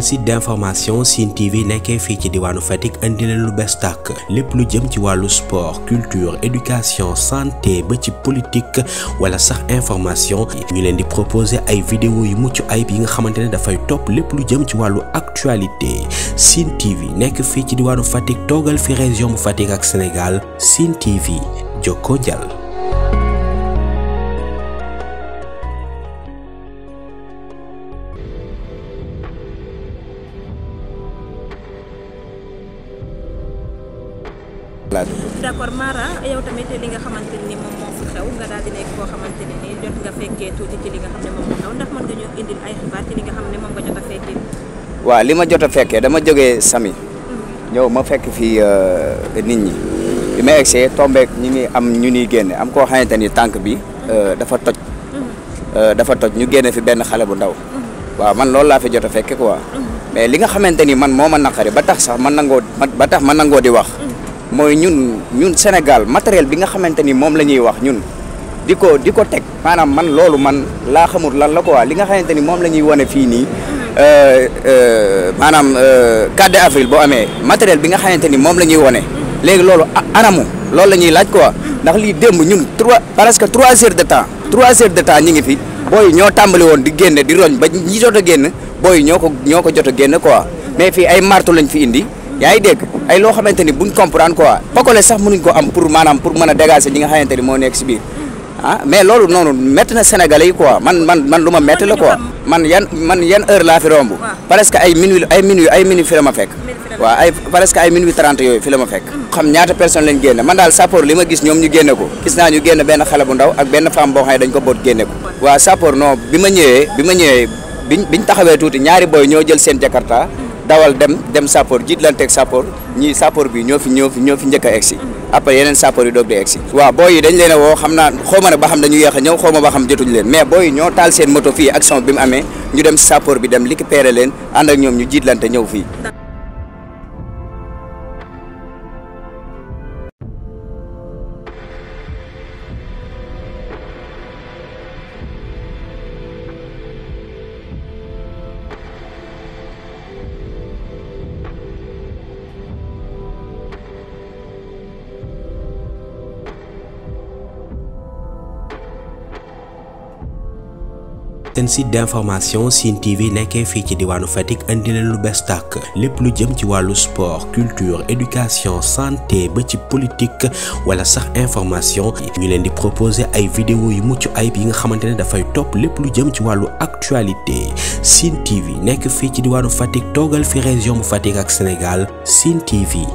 site d'information sin TV qu'un fichier ci diwanu Fatick andi leen lu bees tàkk plus lu jëm ci sport culture éducation santé ba ci politique wala sax information ñu leen di proposer ay vidéo yu muccu ay bi nga xamantene le top top lepp lu jëm ci walu actualité sin TV nek fi ci diwanu Fatick togal fi région bu ak Sénégal TV joko d' Mara yow indil dama jógee Sami. ñëw ma fekk nit ñi ngi am ñu ñuy génne am koo xamante ni tànk bi eh, dafa toj. Hmm. Eh, dafa toj ñu fi benn xale bu ndaw. Hmm. man loolu laa fi jot fekke quoi. Hmm. mais li nga xamante man moo ba tax sax man ba tax di wax mooy ñun ñun Sénégal matériel bi nga xamante mom moom nyun, ñuy wax ñun di man lolu man laa xamul lan la quoi li nga xamante ni moom la ñuy wane fii material euh, euh, maanaam 4 euh, de avril boo amee matériel bi nga xamante ni moom la ñuy wane ah, anamu loolu la ñuy laaj quoi ndax lii démb ñun 3 presque 3 heures de temps 3 heures de temps ñi ngi fi booy ñoo tàmbali woon di génn di roñ ba ñi quoi mais ay martu lañ fi indi yaa ngi dégg ay loo xamante ni buñ comprendre quoi pakole sax mënuñ ko am pour maanaam pour mën a dégager li nga xamante ni moo nekk si biir ah mais loolu noonu métti na Sénégalais yi quoi man man man lu ma métti la quoi man yan man yan heure laa fi romb presque ay minuit ay minuit ay minuit fi la ma fekk waaw ay presque ay minuit trente yooyu fi a ma fekk mm. xam ñaata personne lañ génne man daal sappoor li ma gis ñoom ñu génne ko gis naa ñu génne benn xale bu ndaw ak benn femme boo xam ne dañ ko boot génne ko bi ma ñëwee bi ma ñëwee taxawee tuuti ñaari boy ñoo jël seen jakarta dawal dem dem sappoor jiitlanteeg sappoor ñii sappoor bi ñoo fi ñoo fi ñoo fi njëkk a egg si après yeneen sappoor yi doog di egg si waaw booy yi dañ leen a woo xam naa xooma ne ba xam dañu yéex a ñëw xooma ba xam jotuñu leen mais booy yi ñoo taal seen moto fii action bi mu amee ñu dem sappoor bi dem récupérer leen ànd ak ñoom ñu jiitlante ñëw fii un site d'information Sin TV nek fi ci lu lu sport culture éducation santé ba politique wala sax information ñu leen di proposer ay vidéo yu muccu une yi nga xamantene ne fay top lepp lu jëm ci actualité TV nek fi ci Fatick togal fi région ak Sénégal TV